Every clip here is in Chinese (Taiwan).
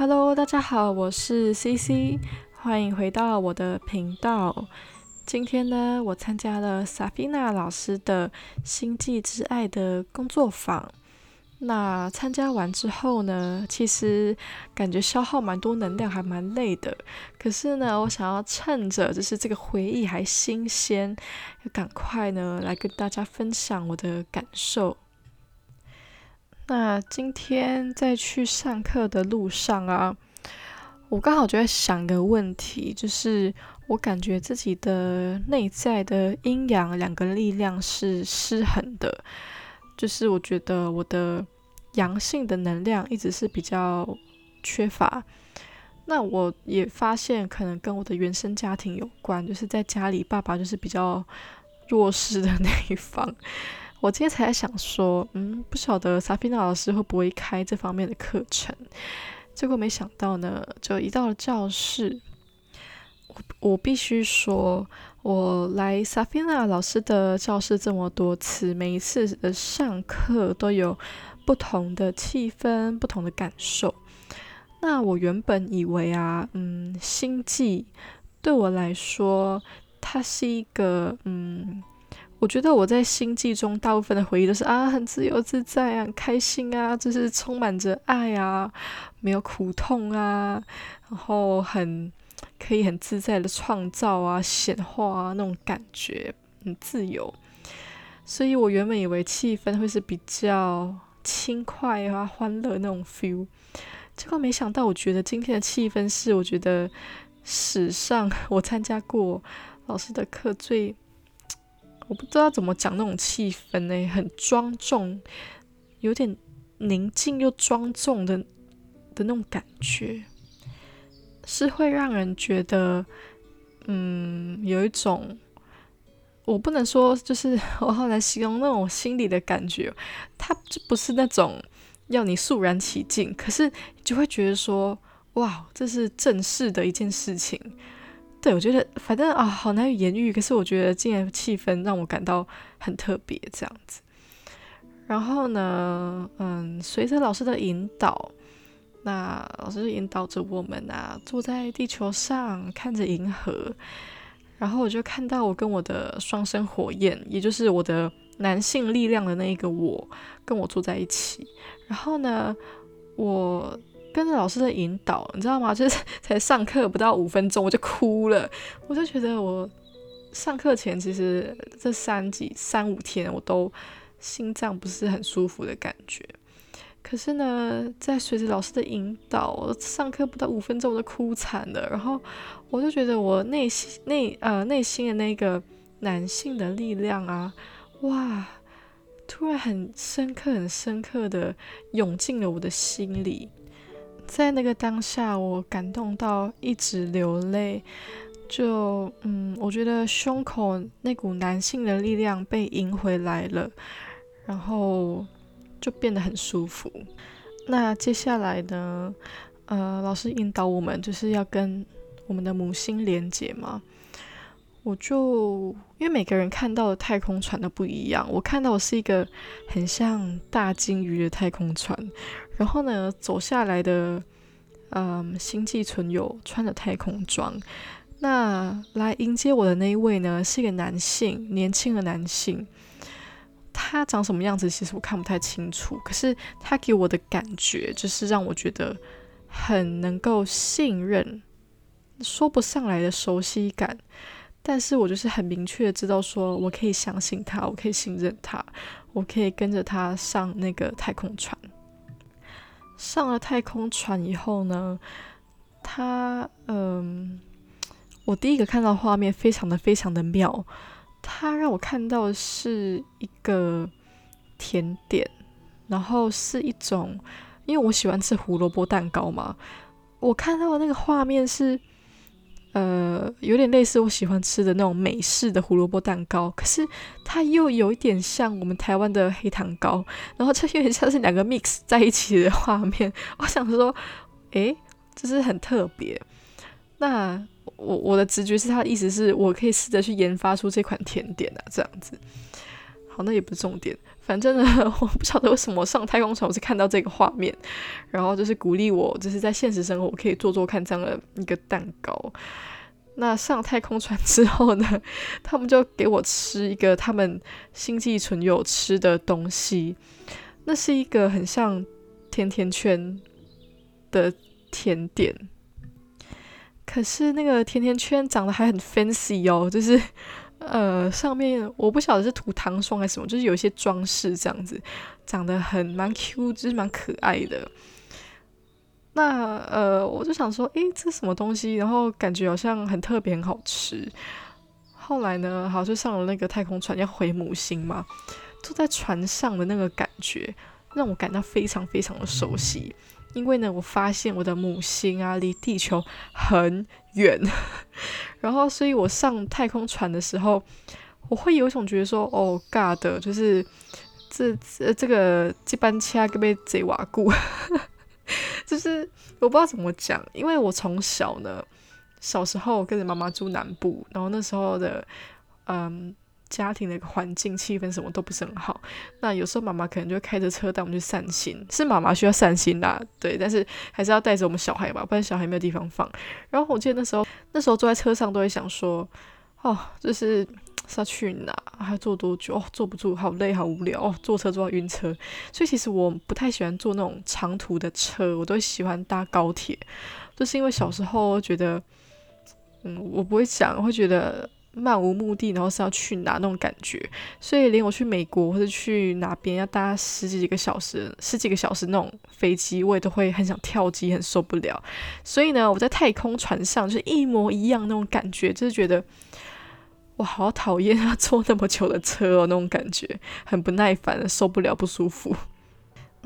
Hello，大家好，我是 CC，歡迎回到我的頻道。今天呢，我參加了 Safina 老師的《星際之愛》的工作坊。那參加完之後呢，其實感覺消耗蠻多能量，還蠻累的。可是呢，我想要趁着就是這個回憶還新鮮，要趕快呢來跟大家分享我的感受。那今天在去上課的路上啊，我剛好就在想一個問題，就是我感覺自己的內在的陰陽兩個力量是失衡的，就是我覺得我的陽性的能量一直是比較缺乏。那我也發現可能跟我的原生家庭有關，就是在家裡爸爸就是比較弱勢的那一方。我今天才在想說，嗯，不曉得薩菲娜老師會不會開這方面的課程。結果沒想到呢，就一到了教室，我我必須說，我來薩菲娜老師的教室這麼多次，每一次的上課都有不同的氣氛，不同的感受。那我原本以為啊，嗯，星際對我來說，它是一個，嗯。我覺得我在星際中大部分的回憶都是啊，很自由自在啊，很開心啊，就是充滿着愛啊，沒有苦痛啊，然後很可以很自在的創造啊、顯化啊那種感覺，很自由。所以，我原本以為氣氛會是比較輕快啊、歡樂那種 feel，結果沒想到，我覺得今天的氣氛是我覺得史上我參加過老師的課最。我不知道怎麼講，那種氣氛呢，很莊重，有點寧靜又莊重的的那種感覺，是會讓人覺得，嗯，有一種，我不能說，就是我很難形容那種心裡的感覺，它就不是那種要你肅然起敬，可是你就會覺得說，哇，這是正式的一件事情。對，我覺得反正啊，好難以言喻。可是我覺得，今天氣氛讓我感到很特別這樣子。然後呢，嗯，隨着老師的引導，那老師引導着我們啊，坐在地球上看着銀河。然後我就看到我跟我的雙生火焰，也就是我的男性力量的那一個我，跟我坐在一起。然後呢，我。跟着老師的引導，你知道嗎？就是才上課不到五分鐘，我就哭了。我就覺得我上課前其實這三幾三五天我都心臟不是很舒服的感覺。可是呢，在隨着老師的引導，我上課不到五分鐘我就哭慘了。然後我就覺得我內心內呃內心的那個男性的力量啊，哇，突然很深刻很深刻的湧進了我的心裡。在那個當下，我感動到一直流淚。就，嗯，我覺得胸口那股男性的力量被迎回來了，然後就變得很舒服。那接下來呢？呃，老師引導我們就是要跟我們的母親連接嘛。我就因為每個人看到的太空船都不一樣，我看到的是一個很像大鯨魚的太空船。然後呢，走下來的，嗯，星際存有穿着太空裝，那來迎接我的那一位呢，是一個男性，年輕的男性。他長什麼樣子，其實我看不太清楚。可是他給我的感覺，就是讓我覺得很能夠信任，說不上來的熟悉感。但是我就是很明確的知道，說我可以相信他，我可以信任他，我可以跟着他上那個太空船。上了太空船以後呢，他，嗯，我第一個看到畫面非常的非常的妙，他讓我看到的是一個甜點，然後是一種，因為我喜歡吃胡蘿蔔蛋糕嘛，我看到的那個畫面是。呃，有點類似我喜歡吃的那種美式的胡蘿蔔蛋糕，可是它又有一點像我們台灣的黑糖糕，然後這有點像是兩個 mix 在一起的畫面。我想說，哎、欸，這是很特別。那我我的直覺是，他的意思是我可以試着去研發出這款甜點啊，這樣子。好，那也不是重點。反正呢，我不曉得為什麼上太空船我是看到這個畫面，然後就是鼓勵我，就是在現實生活可以做做看這樣的一個蛋糕。那上太空船之後呢，他們就給我吃一個他們星際存有吃的東西，那是一個很像甜甜圈的甜點，可是那個甜甜圈長得還很 fancy 哦，就是。呃，上面我不曉得是塗糖霜還是什麼，就是有一些裝飾這樣子，長得很蠻 Q，就是蠻可愛的。那呃，我就想說，誒、欸，這是什麼東西？然後感覺好像很特別，很好吃。後來呢，好像上了那個太空船要回母星嘛，坐在船上的那個感覺，讓我感到非常非常的熟悉。因為呢，我發現我的母星啊，離地球很遠， 然後所以我上太空船的時候，我會有一種覺得說，哦，尬的，就是這這這個這班車跟被賊瓦顧， 就是我不知道怎麼講，因為我從小呢，小時候跟着媽媽住南部，然後那時候的嗯。家庭的環境、氣氛什麼都不是很好，那有時候媽媽可能就會開着車帶我們去散心，是媽媽需要散心啦，啊，對，但是還是要帶着我們小孩吧？不然小孩沒有地方放。然後我記得那時候，那時候坐在車上都會想說，哦，就是，是要去哪，還要坐多久哦，坐不住，好累，好無聊哦，坐車坐到暈車。所以其實我不太喜歡坐那種長途的車，我都喜歡搭高鐵，就是因為小時候覺得，嗯，我不會想，我會覺得。漫無目的，然後是要去哪那種感覺，所以連我去美國或者去哪邊要搭十幾個小時、十幾個小時那種飛機，我也都會很想跳機，很受不了。所以呢，我在太空船上就是一模一樣那種感覺，就是覺得我好討厭啊，坐那麼久的車哦，那種感覺很不耐煩，受不了，不舒服。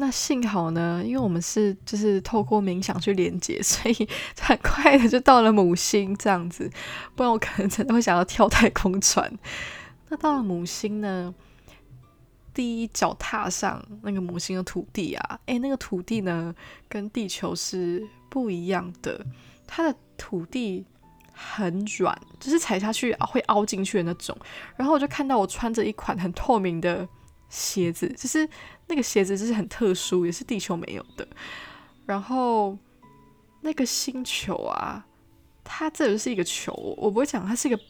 那幸好呢，因為我們是就是透過冥想去連接，所以很快的就到了母星這樣子，不然我可能真的會想要跳太空船。那到了母星呢，第一腳踏上那個母星的土地啊，誒、欸，那個土地呢跟地球是不一樣的，它的土地很軟，就是踩下去會凹進去的那種。然後我就看到我穿着一款很透明的鞋子，就是。那個鞋子就是很特殊，也是地球沒有的。然後那個星球啊，它這就是一個球，我不會講，它是一個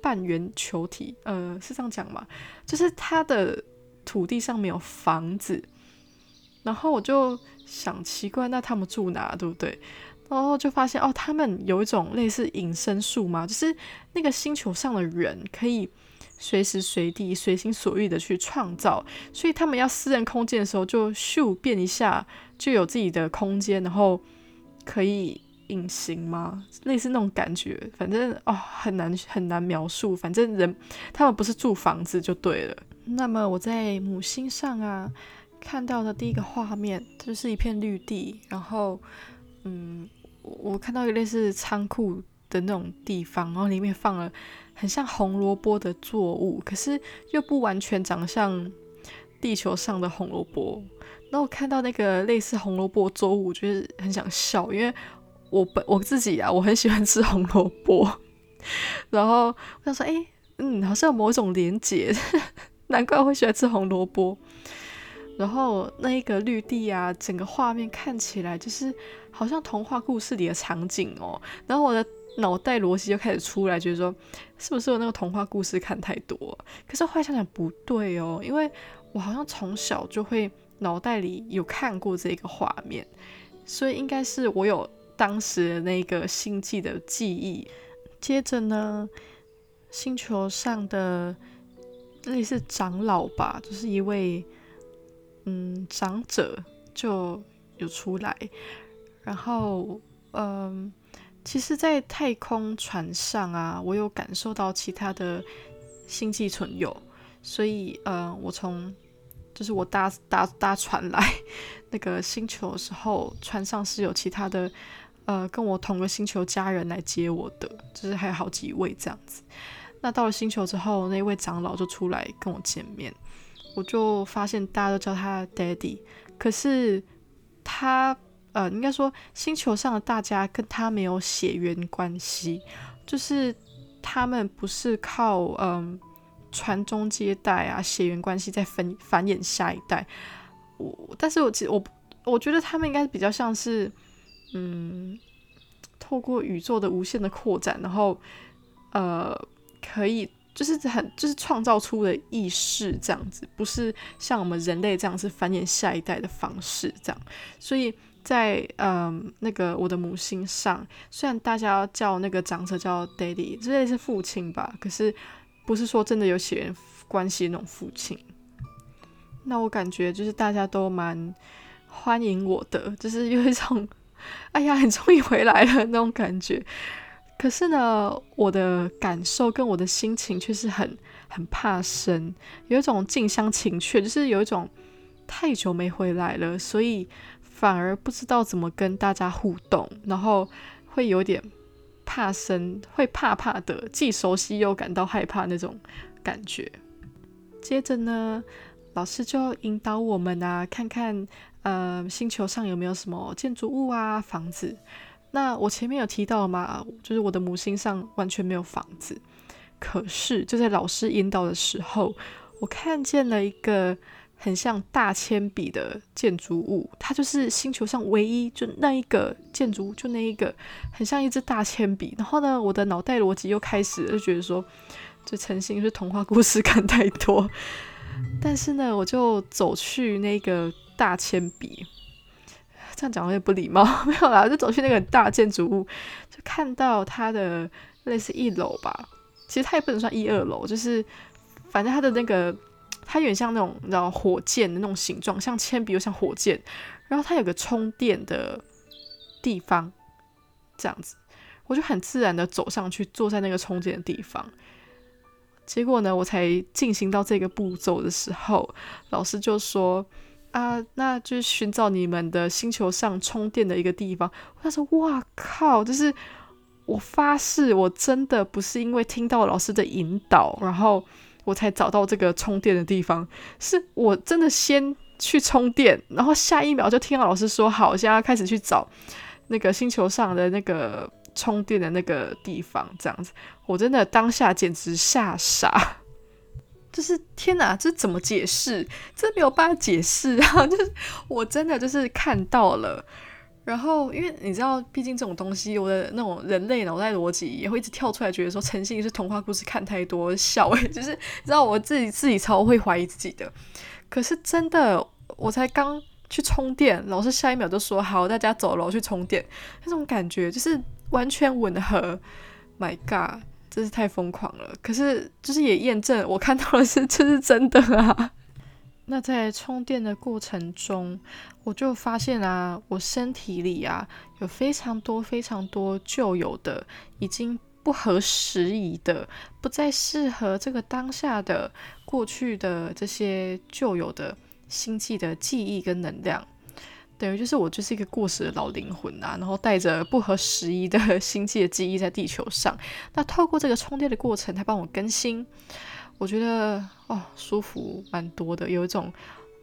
半圓球體。呃，是這樣講嗎？就是它的土地上沒有房子，然後我就想奇怪，那他們住哪，對不對？然後就發現哦，他們有一種類似隱身術嘛，就是那個星球上的人可以。隨時隨地、隨心所欲的去創造，所以他們要私人空間的時候，就咻變一下，就有自己的空間，然後可以隱形嗎？類似那種感覺，反正哦，很難很難描述。反正人他們不是住房子就對了。那麼我在母星上啊，看到的第一個畫面，就是一片綠地，然後嗯，我看到一個類似倉庫的那種地方，然後裡面放了。很像紅蘿蔔的作物，可是又不完全長像地球上的紅蘿蔔。然後看到那個類似紅蘿蔔的作物，就是很想笑，因為我本我自己啊，我很喜歡吃紅蘿蔔。然後我想說，哎，嗯，好像有某種連結，難怪我會喜歡吃紅蘿蔔。然後那一個綠地啊，整個畫面看起來就是好像童話故事裡的場景哦。然後我的。腦袋邏輯就開始出來，覺得說是不是我那個童話故事看太多？可是後來想想不對哦，因為我好像從小就會腦袋裡有看過這個畫面，所以應該是我有當時的那個星際的記憶。接着呢，星球上的類似長老吧，就是一位嗯長者就有出來，然後嗯。其實在太空船上啊，我有感受到其他的星際存有。所以嗯、呃，我從就是我搭搭搭船來那個星球的時候，船上是有其他的呃跟我同個星球家人來接我的，就是還有好幾位這樣子。那到了星球之後，那位長老就出來跟我見面，我就發現大家都叫他 Daddy，可是他。呃，應該說，星球上的大家跟他沒有血緣關係，就是他們不是靠嗯傳宗接代啊血緣關係在繁繁衍下一代。我但是我其實我我覺得他們應該是比較像是嗯透過宇宙的無限的擴展，然後呃可以就是很就是創造出了意識這樣子，不是像我們人類這樣是繁衍下一代的方式這樣，所以。在嗯，那個我的母星上，雖然大家叫那個長者叫 daddy，之類是父親吧，可是不是說真的有血緣關係那種父親。那我感覺就是大家都蠻歡迎我的，就是有一種哎呀，你終於回來了那種感覺。可是呢，我的感受跟我的心情卻是很很怕生，有一種近鄉情怯，就是有一種太久沒回來了，所以。反而不知道怎麼跟大家互動，然後會有點怕生，會怕怕的，既熟悉又感到害怕那種感覺。接着呢，老師就引導我們啊，看看呃星球上有沒有什麼建築物啊、房子。那我前面有提到嘛，就是我的母星上完全沒有房子，可是就在老師引導的時候，我看見了一個。很像大鉛筆的建築物，它就是星球上唯一就那一個建築物，就那一個很像一支大鉛筆。然後呢，我的腦袋邏輯又開始就覺得說，就成心、就是童話故事看太多。但是呢，我就走去那個大鉛筆，這樣講有點不禮貌，沒有啦，就走去那個很大建築物，就看到它的類似一樓吧，其實它也不能算一二樓，就是反正它的那個。它有點像那種，你知道，火箭的那種形狀，像鉛筆又像火箭，然後它有個充電的地方，這樣子，我就很自然地走上去，坐在那個充電的地方。結果呢，我才進行到這個步驟的時候，老師就說：“啊，那就是尋找你們的星球上充電的一個地方。”我就說：“哇靠！”就是我發誓，我真的不是因為聽到老師的引導，然後。我才找到這個充電的地方，是我真的先去充電，然後下一秒就聽到老師說：“好，我現在要開始去找那個星球上的那個充電的那個地方。”這樣子，我真的當下簡直嚇傻，就是天哪，這怎麼解釋？這沒有辦法解釋啊！就是我真的就是看到了。然後，因為你知道，畢竟這種東西，我的那種人類腦袋邏輯也會一直跳出來，覺得說誠信是童話故事看太多笑、欸，就是知道我自己自己超會懷疑自己的。可是真的，我才剛去充電，老師下一秒就說好，大家走了我去充電，那種感覺就是完全吻合。My God，真是太瘋狂了！可是就是也驗證我看到的是這是真的啊。那在充電的過程中，我就發現啊，我身體裡啊有非常多非常多舊有的、已經不合時宜的、不再適合這個當下的、過去的這些舊有的、星際的記憶跟能量，等於就是我就是一個過時的老靈魂啊，然後帶着不合時宜的星際的記憶在地球上。那透過這個充電的過程，它幫我更新。我覺得哦，舒服蠻多的，有一種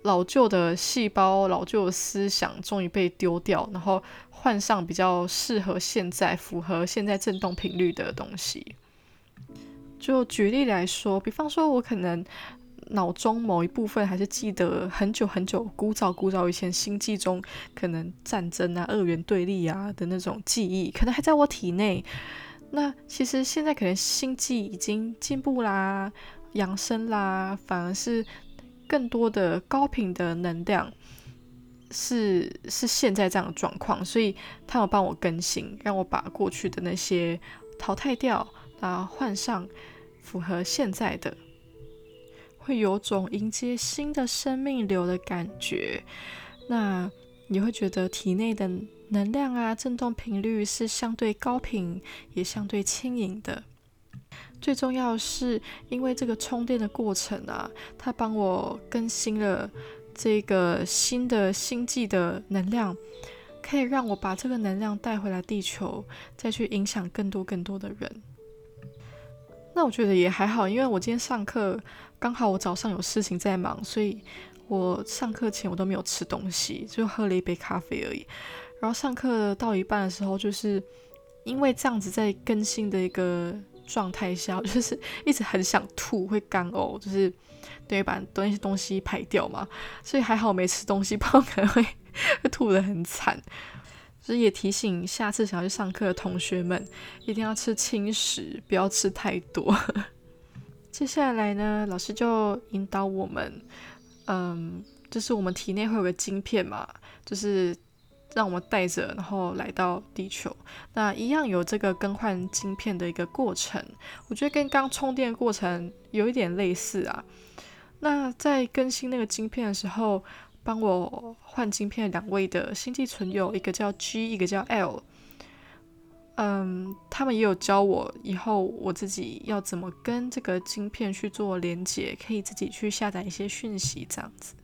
老舊的細胞、老舊的思想終於被丟掉，然後換上比較適合現在、符合現在振動頻率的東西。就舉例來說，比方說我可能腦中某一部分還是記得很久很久、古早古早以前星際中可能戰爭啊、二元對立啊的那種記憶，可能還在我體內。那其實現在可能星際已經進步啦。養生啦，反而是更多的高頻的能量是，是是現在這樣的狀況，所以他有幫我更新，讓我把過去的那些淘汰掉，啊，換上符合現在的，會有種迎接新的生命流的感覺，那你會覺得體內的能量啊，震動頻率是相對高頻，也相對輕盈的。最重要的是，因為這個充電的過程啊，它幫我更新了這個新的星際的能量，可以讓我把這個能量帶回來地球，再去影響更多更多的人。那我覺得也還好，因為我今天上課剛好我早上有事情在忙，所以我上課前我都沒有吃東西，就喝了一杯咖啡而已。然後上課到一半的時候，就是因為這樣子在更新的一個。狀態下就是一直很想吐，會乾嘔，就是等於把那些東西排掉嘛，所以還好沒吃東西，不然會會吐得很慘。所以也提醒下次想要去上課的同學們，一定要吃輕食，不要吃太多。 接下來呢，老師就引導我們，嗯，就是我們體內會有個晶片嘛，就是。讓我們帶着，然後來到地球，那一樣有這個更換晶片的一個過程，我覺得跟剛充電過程有一點類似啊。那在更新那個晶片的時候，幫我換晶片兩位的星際存有，一個叫 G，一個叫 L。嗯，他們也有教我以後我自己要怎麼跟這個晶片去做連接，可以自己去下載一些訊息這樣子。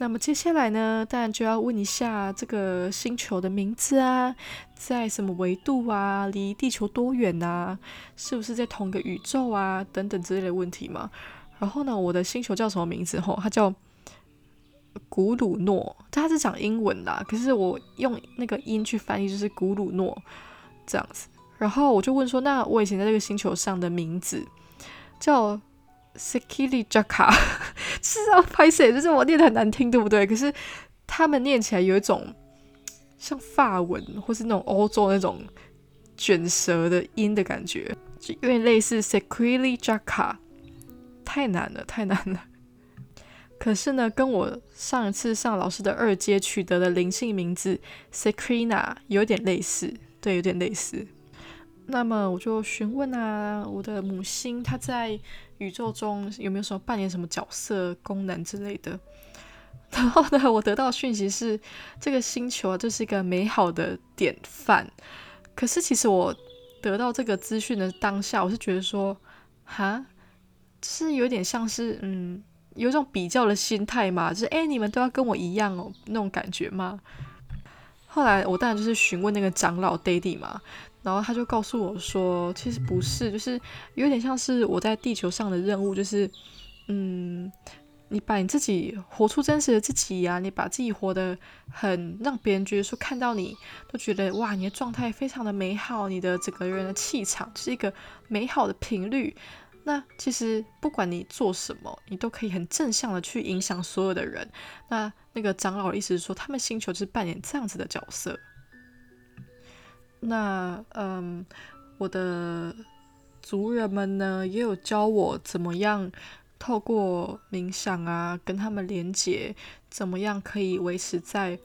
那麼接下來呢，當然就要問一下這個星球的名字啊，在什麼維度啊，離地球多遠啊，是不是在同一個宇宙啊，等等之類的問題嘛。然後呢，我的星球叫什麼名字？吼，它叫古魯諾，它是講英文的，可是我用那個音去翻譯，就是古魯諾這樣子。然後我就問說，那我以前在這個星球上的名字叫 Sakiri Jaka，是要拍誰？就是我念的很難聽，對不對？可是他們念起來有一種像法文，或是那種歐洲那種卷舌的音的感覺，就有點類似リリ。Sakiri Jaka，太難了，太難了。可是呢，跟我上一次上老師的二階取得的靈性名字 Cekrina 有點類似，對，有點類似。那麼我就詢問啊，我的母星它在宇宙中有沒有什麼扮演什麼角色、功能之類的？然後呢，我得到訊息是這個星球啊，就是一個美好的典範。可是其實我得到這個資訊的當下，我是覺得說，哈，是有點像是嗯，有一種比較的心態嘛，就是誒，你們都要跟我一樣哦，那種感覺嘛。後來我當然就是詢問那個長老爹地嘛。然後他就告訴我說，其實不是，就是有點像是我在地球上的任務，就是，嗯，你把你自己活出真實的自己呀，你把自己活得很讓別人覺得說看到你都覺得哇，你的狀態非常的美好，你的整個人的氣場是一個美好的頻率。那其實不管你做什麼，你都可以很正向的去影響所有的人。那那個長老的意思是說，他們星球就是扮演這樣子的角色。那嗯，我的族人們呢，也有教我怎麼樣透過冥想啊，跟他們連接，怎麼樣可以維持在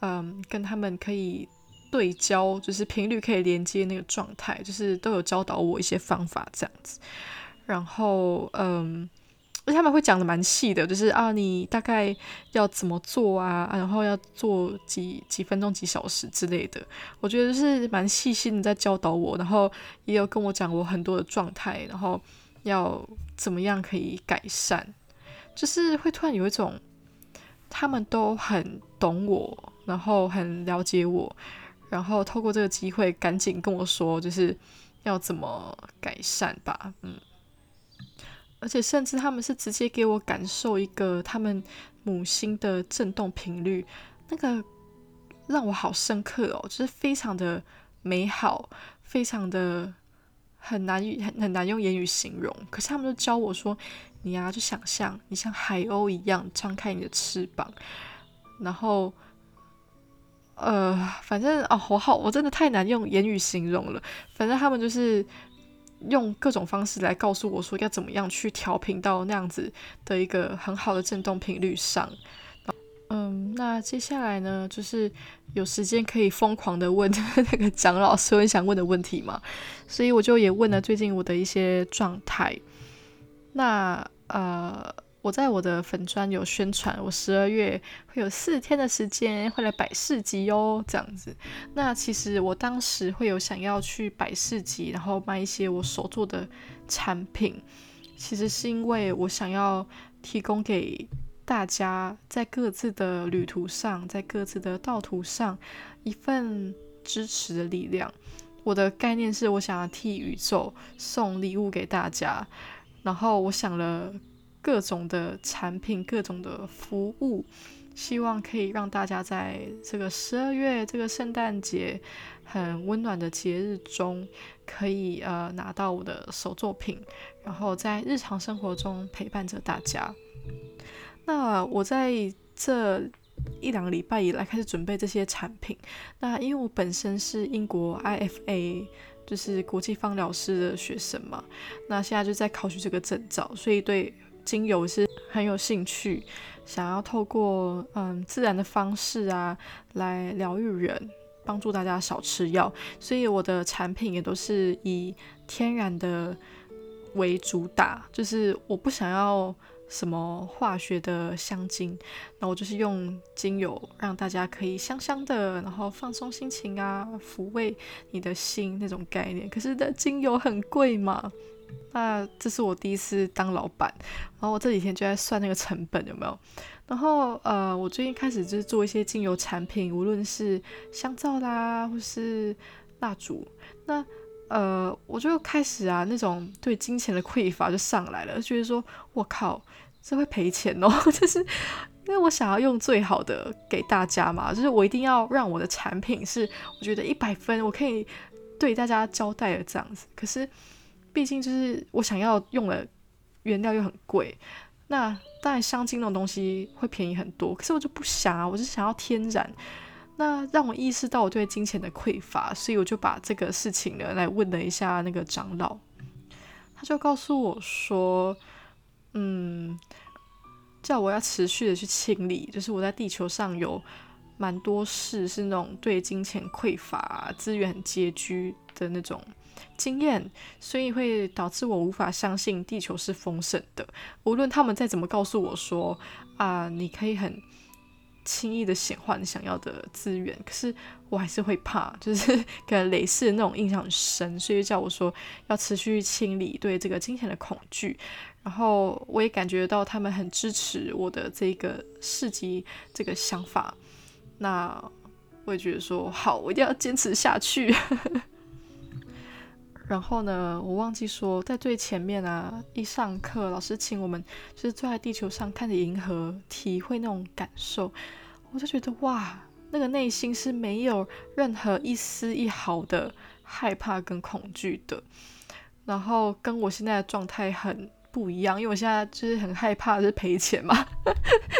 嗯，跟他們可以對焦，就是頻率可以連接那個狀態，就是都有教導我一些方法這樣子。然後嗯。而且他們會講的蠻細的，就是啊，你大概要怎麼做啊，啊然後要做幾幾分鐘、幾小時之類的。我覺得就是蠻細心的在教導我，然後也有跟我講我很多的狀態，然後要怎麼樣可以改善。就是會突然有一種，他們都很懂我，然後很了解我，然後透過這個機會趕緊跟我說，就是要怎麼改善吧，嗯。而且甚至他們是直接給我感受一個他們母星的震動頻率，那個讓我好深刻哦，就是非常的美好，非常的很難、很，很難用言語形容。可是他們就教我說：“你呀、啊，就想象你像海鷗一樣張開你的翅膀，然後……呃，反正哦，好好，我真的太難用言語形容了。反正他們就是。”用各種方式來告訴我說，要怎麼樣去調頻到那樣子的一個很好的振動頻率上。嗯，那接下來呢，就是有時間可以瘋狂的問那個蔣老師很想問的問題嘛。所以我就也問了最近我的一些狀態。那呃。我在我的粉專有宣傳，我十二月會有四天的時間會來擺市集喲、哦，這樣子。那其實我當時會有想要去擺市集，然後賣一些我手做的產品，其實是因為我想要提供給大家在各自的旅途上，在各自的道途上一份支持的力量。我的概念是我想要替宇宙送禮物給大家，然後我想了。各種的產品，各種的服務，希望可以讓大家在這個十二月這個聖誕節很溫暖的節日中，可以呃拿到我的手作品，然後在日常生活中陪伴着大家。那我在這一兩個禮拜以來開始準備這些產品。那因為我本身是英國 IFA，就是國際芳療師的學生嘛，那現在就在考取這個證照，所以對。精油是很有興趣，想要透過嗯自然的方式啊，來療癒人，幫助大家少吃藥，所以我的產品也都是以天然的為主打，就是我不想要什麼化學的香精，那我就是用精油，讓大家可以香香的，然後放鬆心情啊，撫慰你的心那種概念。可是的精油很貴嘛。那這是我第一次當老闆，然後我這幾天就在算那個成本有沒有，然後呃，我最近開始就是做一些精油產品，無論是香皂啦，或是蠟燭，那呃，我就開始啊，那種對金錢的匱乏就上來了，就覺得說，我靠，這會賠錢哦呵呵，就是因為我想要用最好的給大家嘛，就是我一定要讓我的產品是我覺得一百分，我可以對大家交代的這樣子，可是。畢竟就是我想要用的原料又很貴，那當然香精那種東西會便宜很多。可是我就不想啊，我就想要天然。那讓我意識到我對金錢的匱乏，所以我就把這個事情呢來問了一下那個長老，他就告訴我說：“嗯，叫我要持續的去清理，就是我在地球上有蠻多事，是那種對金錢匱乏、資源很拮據的那種。”經驗，所以會導致我無法相信地球是豐盛的。無論他們再怎麼告訴我說，啊，你可以很輕易的顯化你想要的資源，可是我還是會怕，就是可能累世那種印象很深，所以叫我說要持續清理對這個金錢的恐懼。然後我也感覺到他們很支持我的這個市集這個想法，那我也覺得說好，我一定要堅持下去。呵呵然後呢，我忘記說，在最前面啊，一上課老師請我們就是坐在地球上看着銀河，體會那種感受，我就覺得哇，那個內心是沒有任何一絲一毫的害怕跟恐懼的。然後跟我現在的狀態很不一樣，因為我現在就是很害怕就是賠錢嘛，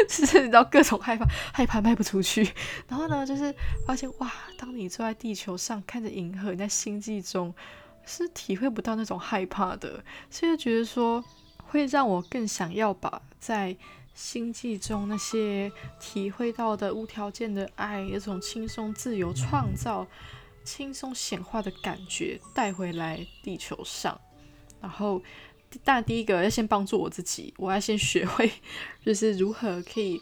甚至你知道各種害怕，害怕賣不出去。然後呢，就是發現哇，當你坐在地球上看着銀河，你在星際中。是體會不到那種害怕的，所以就覺得說會讓我更想要把在星際中那些體會到的無條件的愛，有種輕鬆自由創造、輕鬆顯化的感覺帶回來地球上。然後，當然第一個要先幫助我自己，我要先學會就是如何可以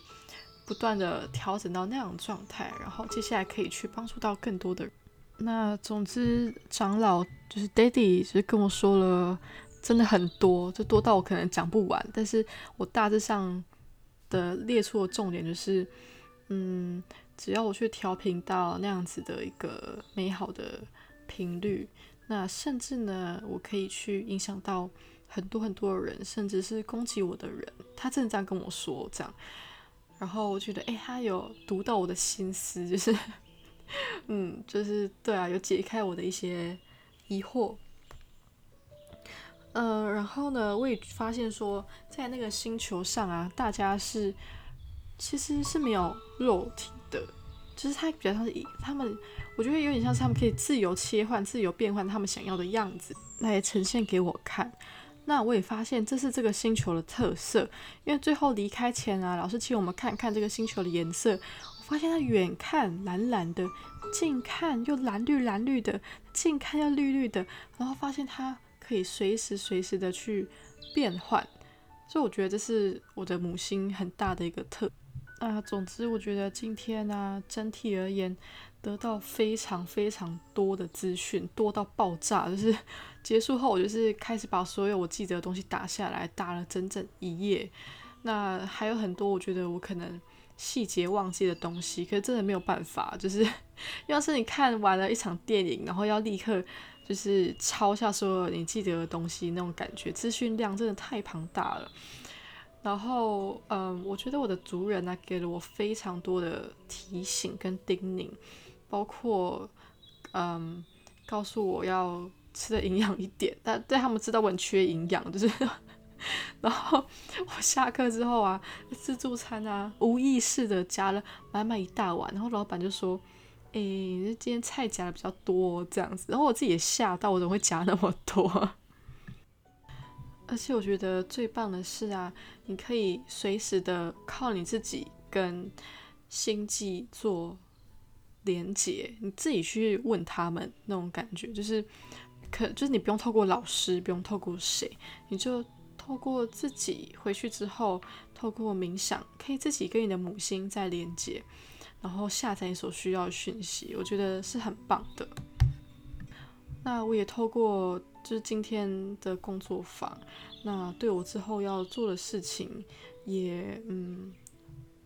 不斷的調整到那樣的狀態，然後接下來可以去幫助到更多的。那總之，長老就是 Daddy，就是跟我說了，真的很多，就多到我可能講不完。但是我大致上的列出的重點就是，嗯，只要我去調頻到那樣子的一個美好的頻率，那甚至呢，我可以去影響到很多很多的人，甚至是攻擊我的人，他正在這樣跟我說這樣。然後我覺得，哎、欸，他有讀到我的心思，就是。嗯，就是對啊，有解開我的一些疑惑。呃，然後呢，我也發現說，在那個星球上啊，大家是其實是沒有肉體的，就是它比較像是以他們，我覺得有點像是他們可以自由切換、自由變換他們想要的樣子來呈現給我看。那我也發現這是這個星球的特色，因為最後離開前啊，老師請我們看看這個星球的顏色。發現它遠看藍藍的，近看又藍綠藍綠的，近看又綠綠的。然後發現它可以隨時隨時的去變換，所以我覺得這是我的母親很大的一個特啊。總之，我覺得今天呢、啊、整體而言得到非常非常多的資訊，多到爆炸。就是結束後，我就是開始把所有我記得的東西打下來，打了整整一夜。那還有很多，我覺得我可能。細節忘記的東西，可是真的沒有辦法，就是因為是你看完了一場電影，然後要立刻就是抄下所有你記得的東西那種感覺，資訊量真的太龐大了。然後，嗯，我覺得我的族人呢、啊、給了我非常多的提醒跟叮嚀，包括，嗯，告訴我要吃的營養一點，但但他們知道我很缺營養，就是。然後我下課之後啊，自助餐啊，無意識的夾了滿滿一大碗。然後老闆就說：“誒，今天菜夾的比較多哦，這樣子。”然後我自己也嚇到，我怎麼會夾那麼多啊？而且我覺得最棒的是啊，你可以隨時的靠你自己跟星際做連接，你自己去問他們那種感覺，就是可就是你不用透過老師，不用透過誰，你就。透過自己回去之後，透過冥想，可以自己跟你的母星再連接，然後下載你所需要的訊息，我覺得是很棒的。那我也透過就是今天的工作坊，那對我之後要做的事情也，也嗯，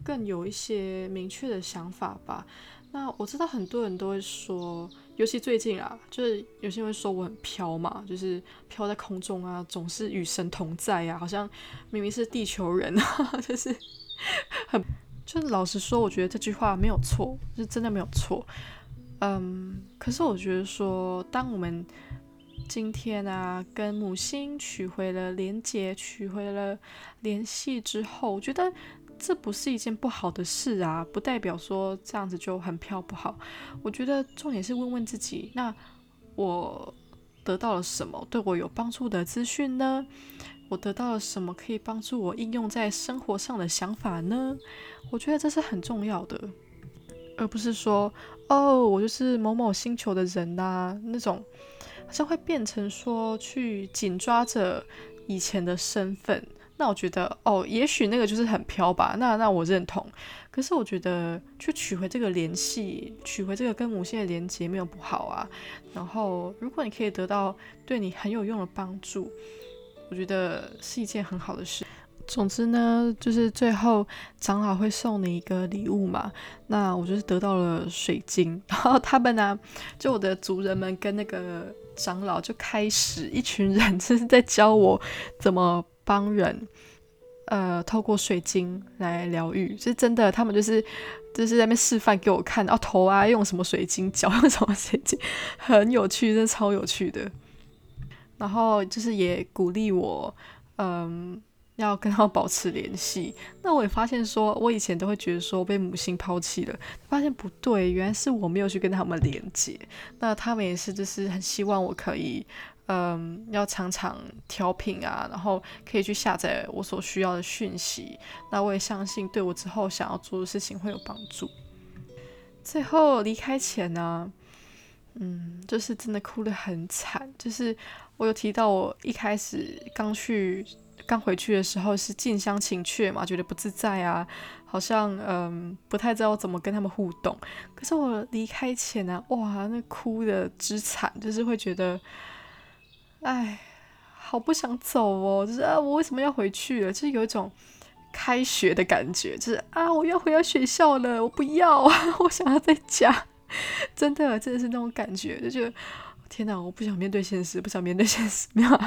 更有一些明確的想法吧。那我知道很多人都會說，尤其最近啊，就是有些人會說我很飄嘛，就是飄在空中啊，總是與神同在啊。好像明明是地球人啊，就是很，就老實說，我覺得這句話沒有錯，是真的沒有錯。嗯，可是我覺得說，當我們今天啊，跟母星取回了連接，取回了聯繫之後，我覺得。這不是一件不好的事啊，不代表說這樣子就很飄不好。我覺得重點是問問自己，那我得到了什麼對我有幫助的資訊呢？我得到了什麼可以幫助我應用在生活上的想法呢？我覺得這是很重要的，而不是說哦，我就是某某星球的人吶、啊，那種好像會變成說去緊抓着以前的身份。那我覺得哦，也許那個就是很飄吧。那那我認同，可是我覺得去取回這個聯繫，取回這個跟母星的連接沒有不好啊。然後如果你可以得到對你很有用的幫助，我覺得是一件很好的事。總之呢，就是最後長老會送你一個禮物嘛。那我就是得到了水晶。然後他們呢、啊，就我的族人們跟那個長老就開始一群人，就是在教我怎麼。幫人，呃，透過水晶來療癒，就是真的，他們就是就是在那邊示範給我看。哦，頭啊，用什麼水晶，腳用什麼水晶，很有趣，真的超有趣的。然後就是也鼓勵我，嗯、呃，要跟他們保持聯繫。那我也發現說，說我以前都會覺得說被母星拋棄了，發現不對，原來是我沒有去跟他們連接。那他們也是，就是很希望我可以。嗯，要常常調頻啊，然後可以去下載我所需要的訊息。那我也相信，對我之後想要做的事情會有幫助。最後離開前呢、啊，嗯，就是真的哭得很慘。就是我有提到，我一開始剛去、剛回去的時候是近鄉情怯嘛，覺得不自在啊，好像嗯不太知道怎麼跟他們互動。可是我離開前呢、啊，哇，那哭得之慘，就是會覺得。哎，好不想走哦！就是啊，我為什麼要回去啊？就是有一種開學的感覺，就是啊，我要回到學校了，我不要啊，我想要在家，真的真的是那種感覺，就覺得天哪，我不想面對現實，不想面對現實，沒有，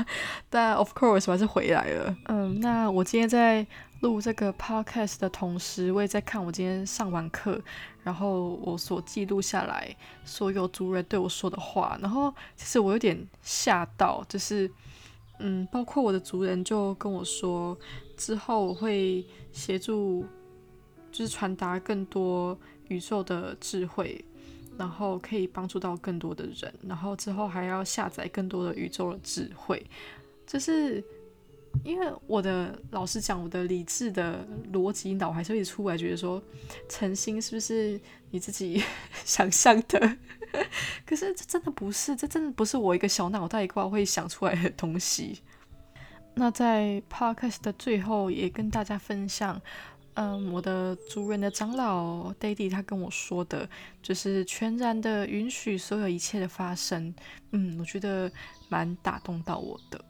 但 of course 我還是回來了。嗯，那我今天在錄這個 podcast 的同時，我也在看我今天上完課。然後我所記錄下來所有族人對我說的話，然後其實我有點嚇到，就是，嗯，包括我的族人就跟我說，之後我會協助，就是傳達更多宇宙的智慧，然後可以幫助到更多的人，然後之後還要下載更多的宇宙的智慧，就是。因為我的老實講，我的理智的邏輯腦海還是會出來，覺得說誠心是不是你自己想象的？可是這真的不是，這真的不是我一個小腦袋瓜會想出來的東西。那在 Podcast 的最後，也跟大家分享，嗯，我的族人的長老 Daddy 他跟我說的，就是全然的允許所有一切的發生。嗯，我覺得蠻打動到我的。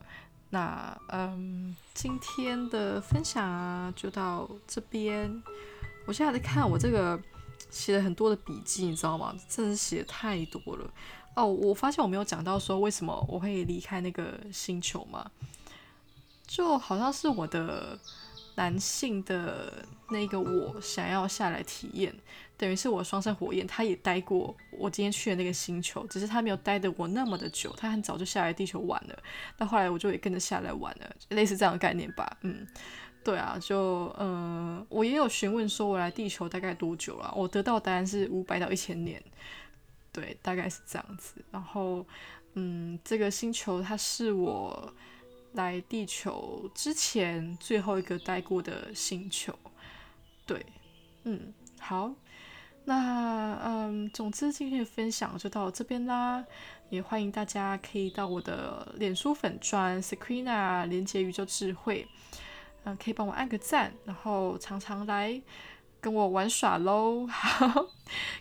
那嗯，今天的分享啊，就到這邊。我現在在看我這個寫了很多的筆記，你知道嗎？真的是寫太多了哦。我發現我沒有講到說，為什麼我會離開那個星球嘛，就好像是我的。男性的那個我想要下來體驗，等於是我雙生火焰，他也待過我今天去的那個星球，只是他沒有待得我那麼的久，他很早就下來地球玩了。那後來我就也跟着下來玩了，類似這樣的概念吧。嗯，對啊，就嗯、呃，我也有詢問說我來地球大概多久了，我得到的答案是五百到一千年，對，大概是這樣子。然後嗯，這個星球它是我。來地球之前最後一個待過的星球，對，嗯，好，那嗯，總之今天的分享就到這邊啦，也歡迎大家可以到我的臉書粉專 Cekrina 連接宇宙智慧，嗯，可以幫我按個讚，然後常常來跟我玩耍嘍。好，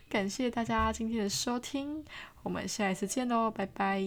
感謝大家今天的收聽，我們下一次見嘍，拜拜。